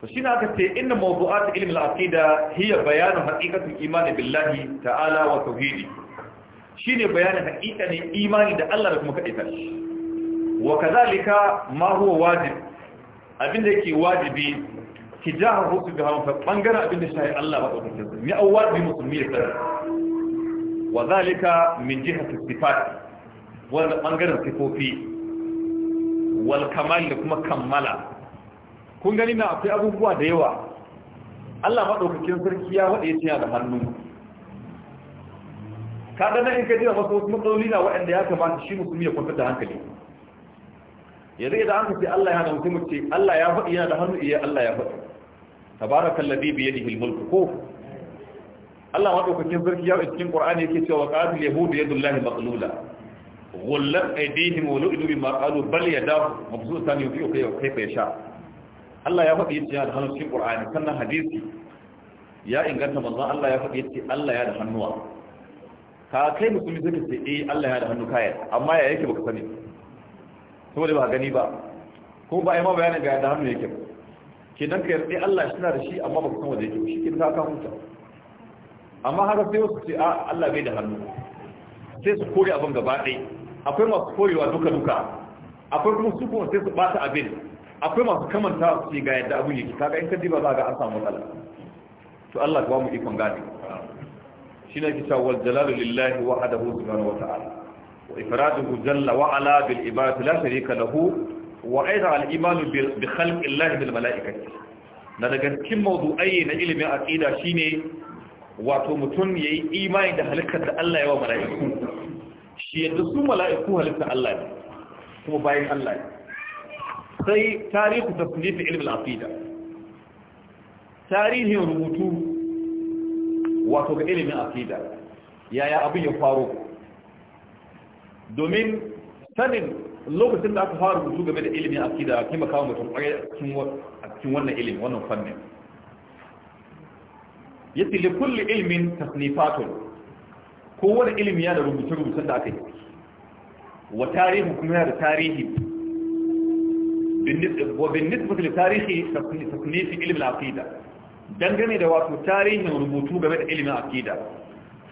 to shine aka ce inna mawdu'at ilmi al-aqida hiya bayanin haqiqatul imani billahi ta'ala wa tauhidi shine bayanin ne imani da Allah da kuma kadaita shi wa kazalika ma huwa wajib abinda yake wajibi tijaha hutu ga hawan fa bangaren abin da shahi Allah ba dauke su ni awwar bi musulmi ya tsara wa zalika min jihati sifat wannan bangaren sifofi wal kamal da kuma kammala kun gani na akwai abubuwa da yawa Allah madaukakin sarki ya wada yace da hannu kada nan in ka jira wasu wasu matsaloli na waɗanda ya kamata shi musulmi ya kwantar da hankali yanzu idan an ka ce Allah ya hana mutum ce Allah ya faɗi yana da hannu iya eh Allah ya faɗi tabarakal ladhi bi yadihi al-mulk ko Allah madaukakin sarki ya cikin Qur'ani yake cewa qatil yahud yadullahi maqlula ghullat aydihim wa lu'inu bima qalu bal yadahu mabsuutan yunfiqu kayfa yasha Allah ya faɗi yace da hannu cikin Qur'ani sannan hadisi ya inganta manzo Allah ya faɗi yace Allah ya da hannuwa ka kai musulmi zaka ce eh Allah ya da hannu kai amma ya yake baka sani saboda ba gani ba ko ba ai ma bayanin ga da hannu yake ba nan ka yarda Allah shi na da shi amma ba ka san waje. yake shi kenan ka huta amma haka sai wasu ce a Allah bai da hannu sai su kore abin gaba ɗaya akwai masu korewa duka duka akwai kuma su kuma sai su bata abin akwai masu kamanta su ce ga yadda abin yake kaga in ka diba za ga an samu matsala to Allah ka ba mu ikon gane shi ne kisa wal jalalu lillahi wahdahu subhanahu wa ta'ala wa ifraduhu jalla wa ala bil ibadati la sharika lahu wa aidan al-imanu bi khalqi Allah bil mala'ikati na daga cikin mawdu'ai na ilimin aqida shine wato mutum ya yi imani da halittar da Allah ya wa mala'iku shi yadda su mala'iku halittar Allah ne kuma bayan Allah ne sai tarihu tasnif ilimin aqida tarihin rubutu wato ga ilimin aqida yaya abin ya faro domin sanin lokacin da aka fara rubutu game da ilimin akida a kima kawo mutum a cikin wannan ilimin wannan fannin ya ce li kulli ilimin tasnifatun ko wani ilimin yana da rubuce-rubucen da aka yi wa tarihi kuma yana da tarihi wa bin nisbata da tarihi tasnifi ilimin akida dangane da wato tarihin rubutu game da ilimin akida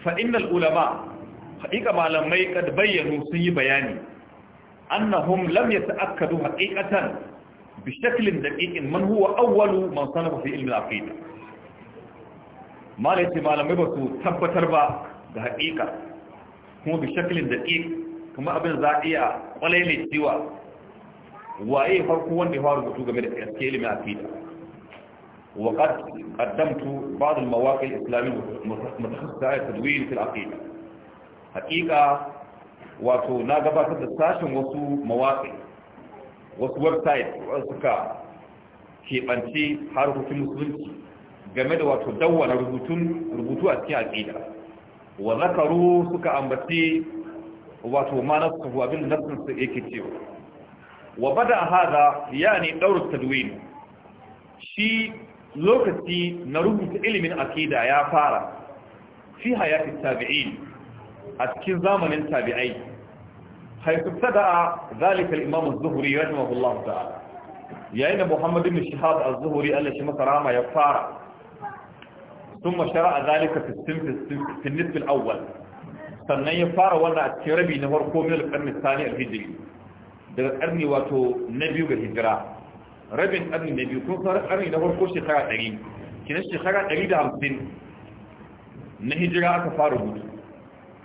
fa'in innal ulama haƙiƙa malamai kad bayyano sun yi bayani annahum lam yata'akkadu haqiqatan bi shaklin daqiqin man huwa awwalu man salafa fi ilmi al-aqida malai malamai ba su tabbatar ba da haqiqa kuma bi shaklin daqiq kuma abin za a iya kwalaile cewa waye farko wanda ya fara rubutu game da gaske ilmi al-aqida وقد قدمت بعض المواقع الإسلامية المتخصصة في التدوين في العقيدة حقيقة wato na gabatar da sashen wasu mawaƙi wasu website suka keɓance harkokin musulunci game da wato dawwana rubutu a cikin aƙida wa zakaru suka ambaci wato ma su abin da nasu yake cewa wa bada ya ne daur tadwin shi lokaci na rubuta ilimin aƙida ya fara fi hayatin tabi'in a cikin zamanin tabi'ai haitu sada'a zalika al-imam az-zuhri rahimahullahu ta'ala yayin da muhammadu bin shihab az-zuhri Allah shi masa rama ya fara thumma shara'a zalika fi fi nisf al-awwal sannan ya fara wannan a cikin rabi na farko min al-qarni al-hijri daga karni wato na biyu ga hijira rabin karni na biyu kuma karni na farko shekara 100 kinan shekara 150 na hijira aka fara rubutu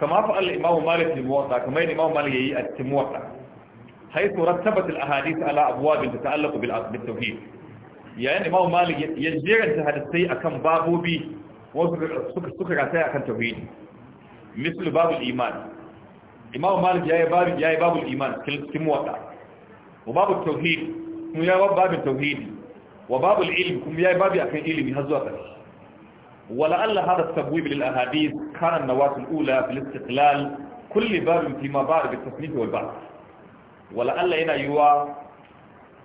kama fa al-imam malik bi muwatta kama imam malik yayi at-muwatta حيث رتبت الأحاديث على أبواب تتعلق بالتوحيد يعني إمام مالك يجير أن تحدثي أكم بابو بي وسكر عسي أكم توحيد مثل باب الإيمان إمام مالك يأي باب, يأي باب الإيمان كموتا وباب التوحيد كم يأي باب التوحيد وباب العلم كم يأي باب أكم علم هزوة ولعل هذا التبويب للأحاديث كان النواة الأولى في الاستقلال كل باب فيما بعد بالتصنيف والبعث ولعل هنا يوا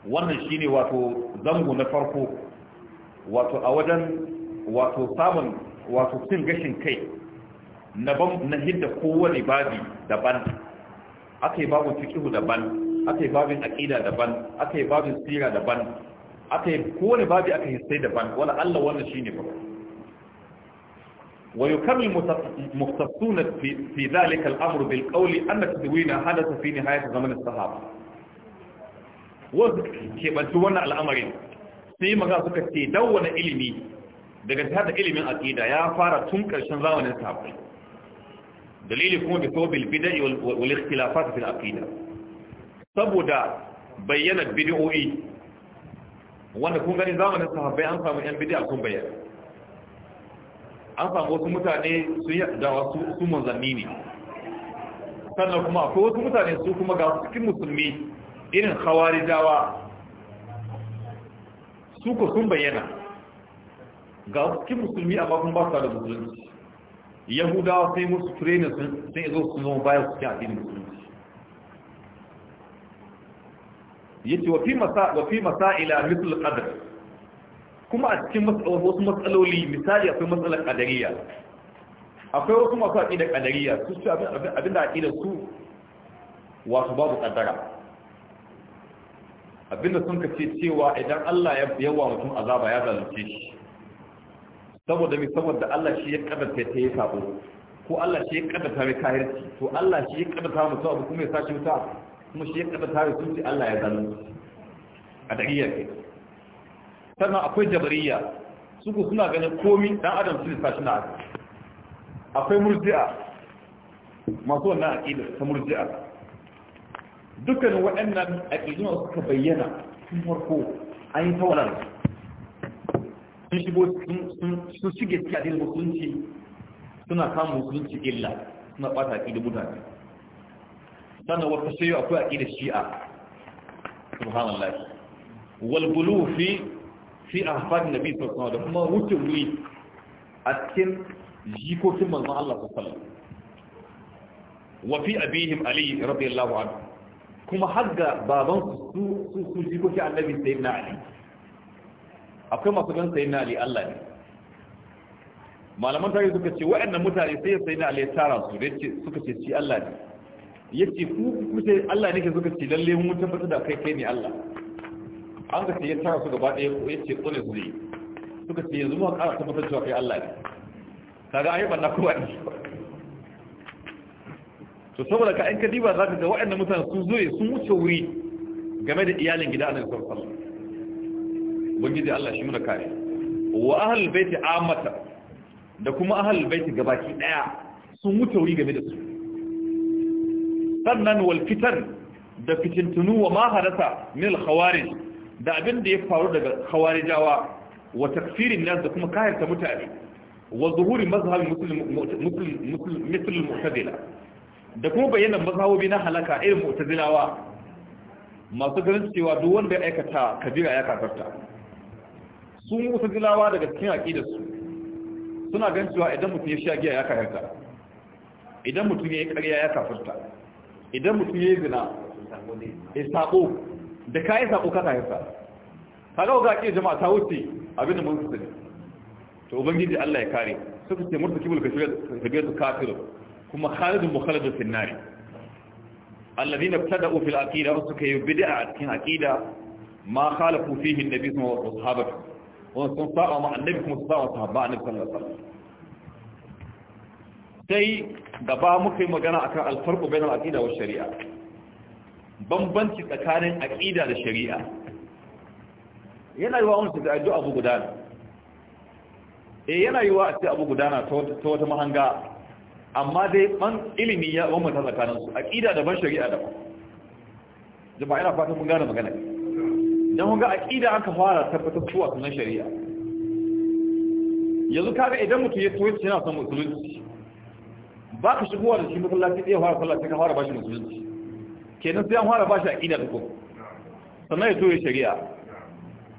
wannan shine wato zango na farko wato a wajen wato samun wato cin gashin kai na ban na hidda kowane babi daban akai babin fikihu daban akai babin aqida daban akai babin sira daban akai kowane babi akai sai daban wala Allah wannan shine farko ويكمل مختصون في, ذلك الأمر بالقول أن التدوين حدث في نهاية زمن الصحابة وكيبان تدوين على أمرين سيما قاسك تدوين إلمي دقات هذا إلمي أكيدا يا فارة تنك الشنزاون الصحابة دليل يكون بثوب البدع والاختلافات في العقيده. سبو دا بيّن البدعوئي وانا كون غني زامن الصحابة أنفع من البدع كون بيّن an samu wasu mutane sun yi da wasu su manzanni ne sannan kuma akwai wasu mutane su kuma ga cikin musulmi irin hawari dawa su ko sun bayyana ga cikin musulmi amma kuma ba su da musulunci yahudawa sai musu training sun izo su zama bayan su ci addinin musulunci yace wa fi masa wa fi masaila qadr kuma a cikin wasu matsaloli misali akwai matsalar kadariya akwai wasu masu aqidar kadariya su su abin da aqidar su wasu babu kaddara abinda sun ka cewa idan Allah ya yawa mutum azaba ya zalunce shi saboda mai saboda Allah shi ya kaddata ta yi sabo ko Allah shi ya kaddata mai kahirci to Allah shi ya kaddata mutum abu kuma ya sashi wuta kuma shi ya kaddata mai sunci Allah ya zalunce a dariyar kai sannan akwai jabariya su ku suna ganin komi dan adam su lissafi na haka akwai murji'a masu wannan aƙida ta murji'a dukkanin waɗannan aƙidun suka bayyana sun farko an yi tawarar sun shigo sun shige cikin addinin musulunci suna kama musulunci illa suna ɓata aƙidun mutane sannan wata shayo akwai aƙidar shi'a subhanallah Walbulu fi fi a fadin nabi sallallahu alaihi da kuma wuce wuri a cikin jikokin manzon Allah sallallahu alaihi wa fi abihim ali radiyallahu anhu kuma har ga baban su su jikokin annabi sayyidina ali akwai masu gan sayyidina ali Allah ne malaman tarihi suka ce waɗannan mutane sai sayyidina ali ya tara su da suka ce shi Allah ne ya ce ku ce Allah ne ke suka ce lalle mun tabbatar da kai kai ne Allah an ka ce ya tara su gaba ɗaya ko ya ce tsone su zai suka ce yanzu muka ƙara tabbatar cewa kai Allah ne kaga an yi banna kowa ne to saboda ka in ka diba za ka ga waɗannan mutane sun zo sun wuce wuri game da iyalin gida annabi sallallahu alaihi wasallam ubangiji Allah shi muna kare wa ahlul baiti amata da kuma ahlul baiti gabaki daya sun wuce wuri game da su sannan wal fitan da fitintunu wa ma hadasa min al khawarij da abin da ya faru daga khawarijawa wa takfirin nan da kuma kayarta mutane wa zuhuri mazhabi musul mu'tazila da kuma bayyana mazhabobi na halaka irin mu'tazilawa masu ganin cewa duk wanda ya aikata kabira ya kafarta su mu'tazilawa daga cikin aqidar su suna ganin cewa idan mutum ya sha giya ya kafarta idan mutum ya yi ƙarya ya kafarta idan mutum ya yi zina ya sabo da ka yi sako kasa yasa ta ga ga ke jama'a ta wuce abinda mun su ne to ubangiji Allah ya kare suka ce murta kibul kabiratu kafiru kuma khalidun mukhalidun fi nari alladhina ibtada'u fil aqida wa suka yi bid'a a cikin aqida ma khalafu fihi annabi sallallahu alaihi wasallam wa sun sa'a ma annabi kuma sun sa'a sahaba annabi sallallahu alaihi wasallam sai gaba muka yi magana akan alfarqu bainal aqida wa shari'a bambanci tsakanin aƙida da shari'a yana yi wa wani da addu'a abu gudana eh yana yi wa a ce abu gudana ta wata mahanga amma dai ban ilimi ya bambanta tsakanin su da ban shari'a da jama'a ina fatan mun gane magana dan kun ga aƙida aka fara tabbatar cewa sunan shari'a yanzu kaga idan mutum ya koyi yana son musulunci ba ka shigowa da shi masallaci ɗaya fara sallah sai ka fara bashi musulunci kenan sai an fara bashi aqida da ko sannan ya toye shari'a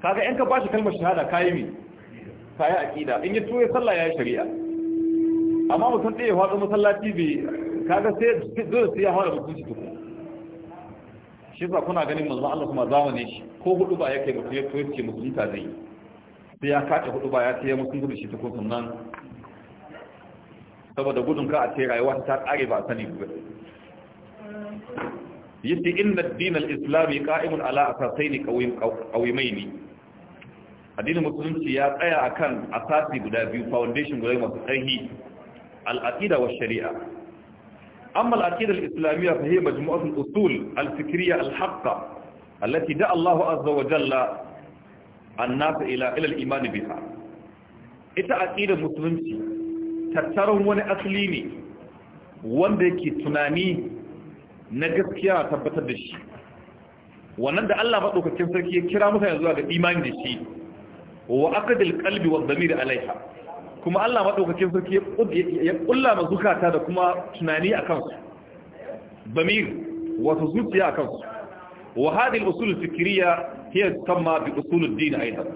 kaga in ka bashi kalmar shahada kayi mi kayi aqida in ya toye sallah yayi shari'a amma mutum ɗaya ya faɗo masallaci bi kaga sai dole sai ya fara mutunci duk shi ba kuna ganin manzo Allah kuma zamane shi ko hudu ba yake mutum ya toye mutum ta zai sai ya kace hudu ba ya ce mutum gudu shi ta ko sannan saboda gudun ka a ce rayuwa ta tsare ba sani ba yace inna ad-din al-islami qa'imun ala asasayn qawimayn addinin musulunci ya tsaya akan asasi guda biyu foundation guda masu tsayi al-aqida wa shari'a amma al-aqida al-islamiyya fa hiya majmu'atu al-usul al-fikriyya al-haqqa التي دعا الله عز وجل ila ila إلى الإيمان بها ita aqidar musulunci tattaron wani asali ne wanda yake tunani na gaskiya a tabbatar da shi wannan da Allah maɗaukakin sarki ya kira mutane zuwa ga imani da shi wa aqdil qalbi wa dhamir alaiha kuma Allah maɗaukakin sarki ya kulla ma zukata da kuma tunani akan su dhamir wato zuciya akan su wa hadhihi al-usul al-fikriyya hiya tusamma bi usul ad-din aidan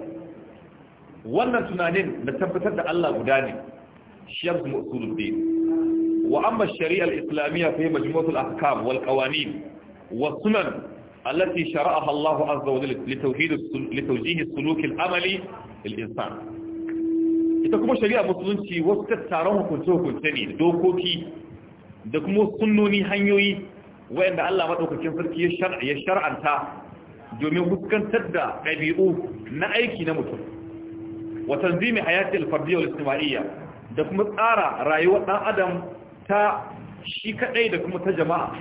wannan tunanin da tabbatar da Allah guda ne shi ya usul ad-din وأما الشريعة الإسلامية فهي مجموعة الأحكام والقوانين والسنن التي شرعها الله عز وجل لتوحيد لتوجيه السلوك العملي للإنسان ita kuma shari'a musulunci wasu tattaron hukunce-hukunce ne dokoki da kuma sunnoni hanyoyi wayanda Allah maɗaukakin sarki ya shar'anta domin fuskantar da ɗabi'u na aiki na mutum wa tanzimi hayati al-fardiyya wal da kuma tsara rayuwar ɗan adam ta shi kadai da kuma ta jama'a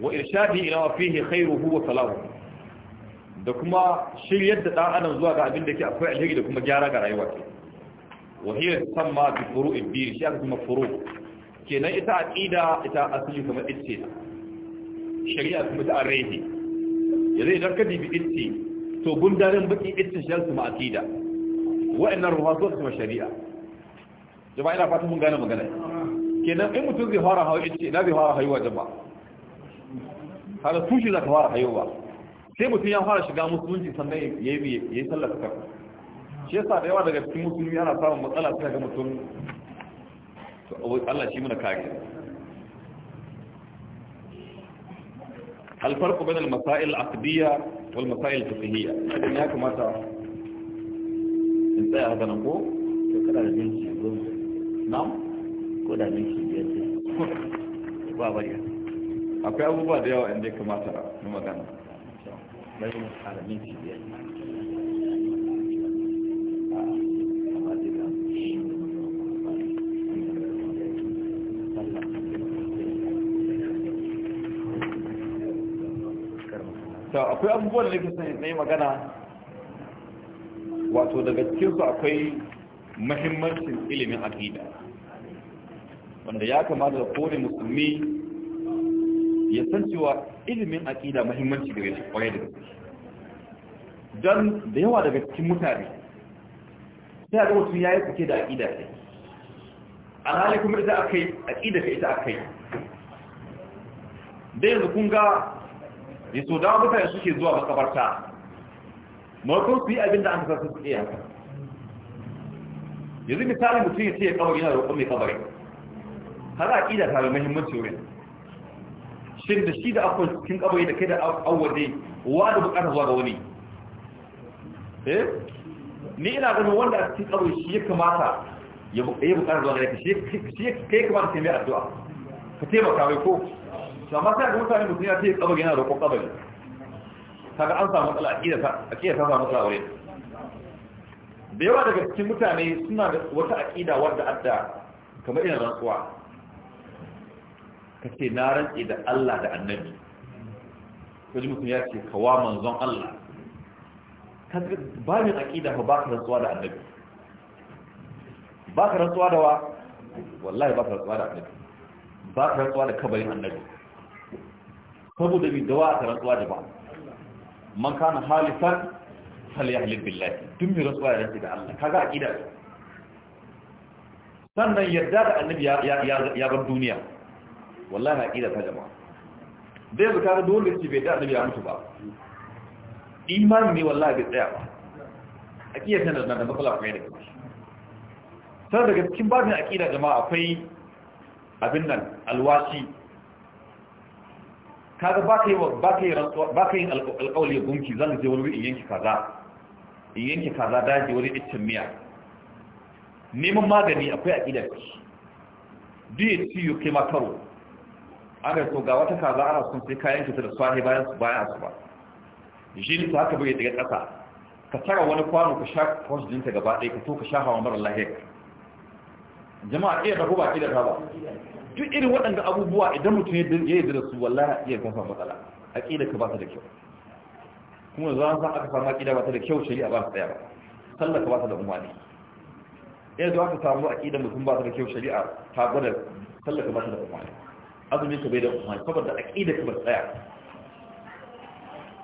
wa irshadi ila wa fihi khairuhu wa salahu da kuma shiryar da dan adam zuwa ga abin da ke akwai alheri da kuma gyara ga rayuwa ce wa hiya tusamma bi furu'i bi shi aka kuma furu kenan ita aqida ita asali kuma itce shari'a kuma ta arrehi yanzu idan ka dibi itce to gundarin baki itce shi kuma aqida wa'annan ruwa su kuma shari'a jama'a ina fatan mun gane magana kenan in mutum zai fara hawa ita na zai fara haihuwa jama'a kada tushe za ka fara haihuwa sai mutum ya fara shiga musulunci sannan ya yi sallar ta shi yasa da yawa daga cikin musulmi ana samun matsala sai ga mutum Allah shi muna kage masail masail wal الفرق بين المسائل العقدية والمسائل الفقهية لكن هناك kada da هذا نقول نعم ko da minti biyar sai ba bariya akwai abubuwa da yawa inda ya kamata na magana bari mu tsara minti biyar akwai abubuwan da na yi magana wato daga cikinsu akwai mahimmancin ilimin aƙida wanda ya kamata da kowane musulmi ya san cewa ilimin aƙida muhimmanci gare shi kwarai da gaske don da yawa daga cikin mutane sai a ga ya yi suke da aƙida ɗaya a halin kuma ita a kai aƙida ka ita a kai da yanzu kun ga ya so dama mutane suke zuwa makabarta maimakon su yi abin da an kasar su iya haka yanzu misali mutum ya ce ya kawar yana roƙon mai kabarin har aqida ta da muhimmanci wurin shin da shi da akwai cikin kabari da kai da awwaje wa da bukata zuwa ga wani eh ni ina ganin wanda a cikin kabari shi ya kamata ya bukata zuwa ga shi shi kai kamata ka mai addu'a ka taimaka mai ko to amma sai ga mutane mutum ya ce kabari yana roƙon kabari kaga an samu matsala aqida ta aqida ta samu matsala wurin da yawa daga cikin mutane suna da wata aƙida wadda adda kamar irin rantsuwa ka ce na rantse da Allah da annabi kaji mutum ya ce kawa manzon Allah ba min aƙida ba ba ka rantsuwa da annabi ba ka rantsuwa da wa wallahi ba ka rantsuwa da annabi ba ka rantsuwa da kabarin annabi saboda bi da wa ka rantsuwa da ba man kana halifan falyahlil billahi tun mi rantsuwa da da Allah kaga aƙida sannan yadda da annabi ya ya ya bar duniya wallahi aqida ta jama'a dai zakar dole ce bai da annabi ya mutu ba imani ne wallahi bai tsaya ba aqida tana da matsala kuma yake sai daga cikin babin aqida jama'a akwai abin nan alwashi kaga ba kai ba kai ba kai alƙawli gunki zan je wani in yanki kaza in yanki kaza daji wani iccen miya neman magani akwai aqida duk ya ciyo kai ma karo ana so ga wata kaza ana son sai kayan kita da swahi bayan su bayan su ba jini ta haka bai daga ƙasa ka tara wani kwano ka sha kwanci jinta gaba ɗaya ka so ka sha hawa mara lahiyar jama'a iya rabu ba ƙidar ba duk irin waɗanda abubuwa idan mutum ya yi da su wallahi iya kan matsala a ƙidar ka ba ta da kyau kuma da a san aka samu ƙida ba ta da kyau shari'a ba ta tsaya ba sallah ka ba ta da umarni iya zuwa ka samu a ƙidar mutum ba ta da kyau shari'a ta gwada sallah ka ba ta da umarni azumin ka bai da umar saboda aqida ka ba tsaya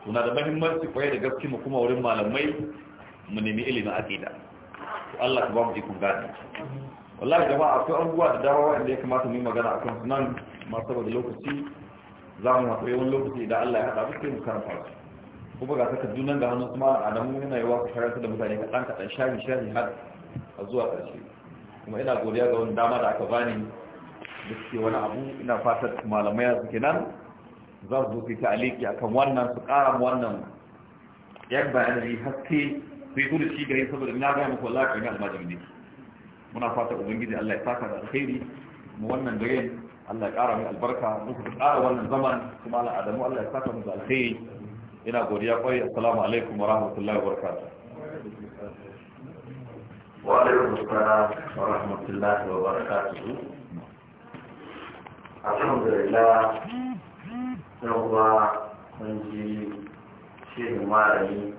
suna da mahimmanci kwaye da gaske mu kuma wurin malamai mu nemi ilimin aƙida to Allah ka ba mu ikon gani wallahi jama'a akwai abubuwa da dama wanda ya kamata mu yi magana akan su nan ma saboda lokaci za mu haɗu yawan lokaci idan Allah ya haɗa mu sai mu karanta su kuma ga takardu nan da hannun Kuma a Adamu yana yi wa karanta da mutane kaɗan kaɗan shari-shari har a zuwa ƙarshe kuma ina godiya ga wani dama da aka bani da suke wani abu ina fatar malamai a suke za su zuci ta aliki a kan wannan su ƙara wannan yan bayanari haske su yi kudu shi gare saboda ina gaya muku Allah kan almajin ne muna fata ubangiji Allah ya saka da alkhairi mu wannan gare Allah ya ƙara mai albarka muku ku ƙara wannan zaman kuma Allah Adamu Allah ya saka mu da alkhairi ina godiya kwai assalamu alaikum wa rahmatullahi wa barakatuh وعليكم السلام ورحمة الله وبركاته alhamdulillah yan uwa mun ji shirin malami